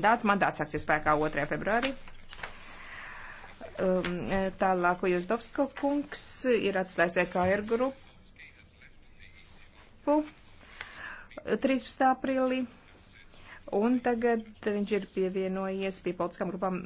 Daudz mandāts sāksies spēkā 2. februārī. Um, e, tālāk, Jusdovska kungs ir atstājis EKR grupu 13. aprīlī, un tagad viņš ir pievienojies pie politiskām grupām